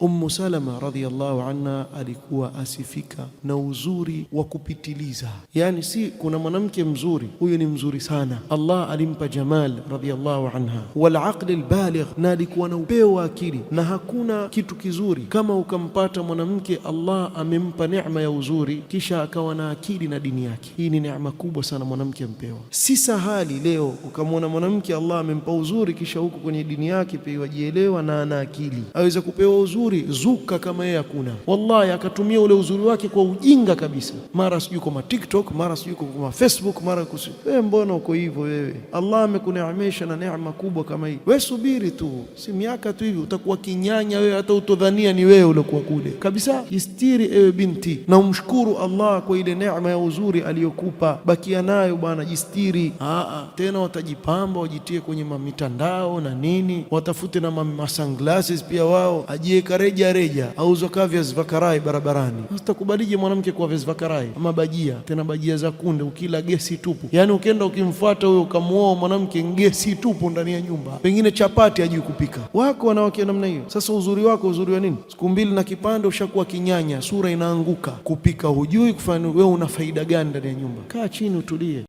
Ummu Salama radhiyallahu anha alikuwa asifika na uzuri wa kupitiliza, yaani si kuna mwanamke mzuri, huyu ni mzuri sana. Allah alimpa Jamal radhiyallahu anha wal aqli al baligh, na alikuwa na upeo wa akili, na hakuna kitu kizuri kama ukampata mwanamke Allah amempa neema ya uzuri, kisha akawa na akili na dini yake. Hii ni neema kubwa sana mwanamke ampewa. Si sahali leo ukamwona mwanamke Allah amempa uzuri, kisha huko kwenye dini yake pia wajielewa na ana akili, aweza kupewa uzuri uzuri zuka kama yeye hakuna, wallahi. Akatumia ule uzuri wake kwa ujinga kabisa, mara sijui kwa TikTok, mara sijui kwa Facebook, mara wewe, eh, mbona uko hivyo wewe? Allah amekuneemesha na neema kubwa kama hii, wewe subiri tu, si miaka tu hivi utakuwa kinyanya wewe, hata utodhania ni wewe uliokuwa kule kabisa. Jistiri ewe binti, na umshukuru Allah kwa ile neema ya uzuri aliyokupa, bakia nayo bwana, jistiri. Aa, tena watajipamba wajitie kwenye mitandao na nini, watafute na masunglasses pia wao ajieka reja reja, auzwa kaa viazi vya karai barabarani. Utakubalije mwanamke kwa viazi vya karai ama bajia, tena bajia za kunde, ukila gesi tupu. Yaani ukienda ukimfuata huyo ukamuoa mwanamke, gesi tupu ndani ya nyumba, pengine chapati ajui kupika. Wako wanawake namna hiyo. Sasa uzuri wako uzuri wa nini? Siku mbili na kipande ushakuwa kinyanya, sura inaanguka, kupika hujui kufanya. Wewe una faida gani ndani ya nyumba? Kaa chini utulie.